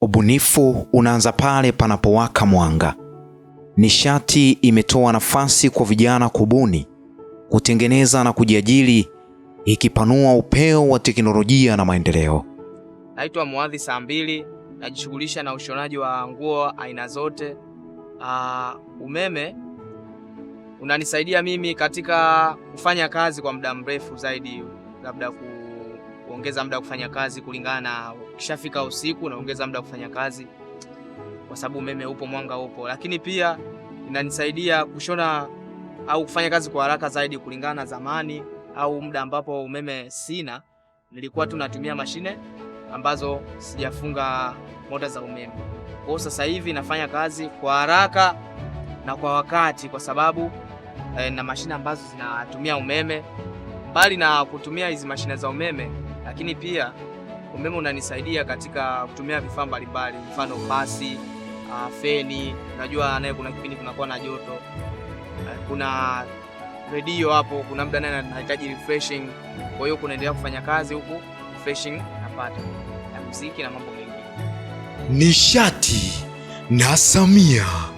Ubunifu unaanza pale panapowaka mwanga. Nishati imetoa nafasi kwa vijana kubuni, kutengeneza na kujiajiri, ikipanua upeo wa teknolojia na maendeleo. Naitwa Muadhi mbili najishughulisha na ushonaji wa nguo aina zote. Aa, ah, umeme unanisaidia mimi katika kufanya kazi kwa muda mrefu zaidi, labda ku kuongeza muda wa kufanya kazi kulingana na ukishafika usiku, naongeza muda wa kufanya kazi kwa sababu umeme upo, mwanga upo, lakini pia inanisaidia kushona au kufanya kazi kwa haraka zaidi kulingana na zamani au muda ambapo umeme sina, nilikuwa tu natumia mashine ambazo sijafunga mota za umeme. Kwa hiyo sasa hivi nafanya kazi kwa haraka na kwa wakati, kwa sababu eh, na mashine ambazo zinatumia umeme. Mbali na kutumia hizi mashine za umeme, lakini pia umeme unanisaidia katika kutumia vifaa mbalimbali, mfano pasi, ah, feni. unajua naye kuna kipindi kunakuwa na joto, eh, kuna redio hapo, kuna muda naye nahitaji refreshing, kwa hiyo kunaendelea kufanya kazi huku refreshing napata na muziki na mambo mengine. Nishati na Samia.